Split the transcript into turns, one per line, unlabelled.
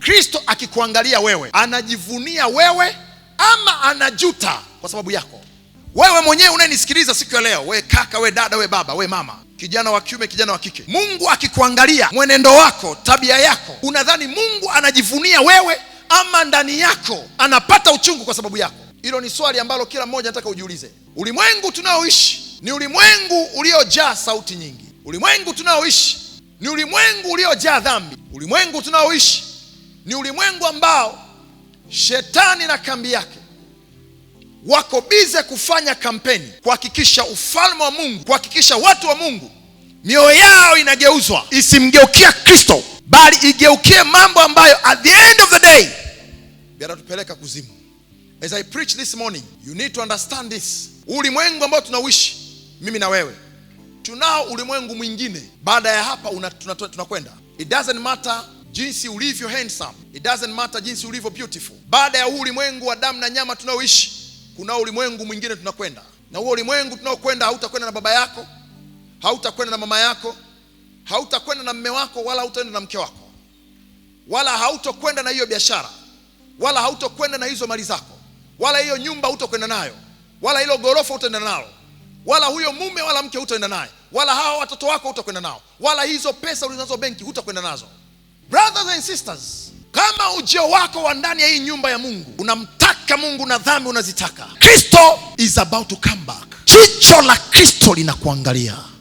Kristo akikuangalia wewe anajivunia wewe ama anajuta kwa sababu yako? Wewe mwenyewe unayenisikiliza siku ya leo, we kaka, we dada, we baba, we mama, kijana wa kiume, kijana wa kike, Mungu akikuangalia mwenendo wako, tabia yako, unadhani Mungu anajivunia wewe ama ndani yako anapata uchungu kwa sababu yako? Hilo ni swali ambalo kila mmoja anataka ujiulize. Ulimwengu tunaoishi ni ulimwengu uliojaa sauti nyingi. Ulimwengu tunaoishi ni ulimwengu uliojaa dhambi. Ulimwengu tunaoishi ni ulimwengu ambao shetani na kambi yake wako bize kufanya kampeni kuhakikisha ufalme wa Mungu, kuhakikisha watu wa Mungu mioyo yao inageuzwa isimgeukia Kristo, bali igeukie mambo ambayo at the end of the day yanatupeleka kuzimu. As I preach this morning, you need to understand this. Ulimwengu ambao tunauishi mimi na wewe, tunao ulimwengu mwingine baada ya hapa tunakwenda. It doesn't matter jinsi ulivyo handsome, it doesn't matter jinsi ulivyo beautiful. Baada ya ulimwengu wa damu na nyama tunaoishi, kuna ulimwengu mwingine tunakwenda, na huo ulimwengu tunaokwenda, hautakwenda na baba yako, hautakwenda na mama yako, hautakwenda na mme wako, wala hautaenda na mke wako, wala hautokwenda na hiyo biashara, wala hautokwenda na hizo mali zako, wala hiyo nyumba hautokwenda nayo, wala hilo gorofa utaenda nalo, wala huyo mume wala mke hutaenda naye, wala hawa watoto wako hutakwenda nao, wala hizo pesa ulizonazo benki hutakwenda nazo. Brothers and sisters, kama ujio wako wa ndani ya hii nyumba ya Mungu unamtaka Mungu na dhambi unazitaka, Kristo is about to come back. Jicho la Kristo linakuangalia.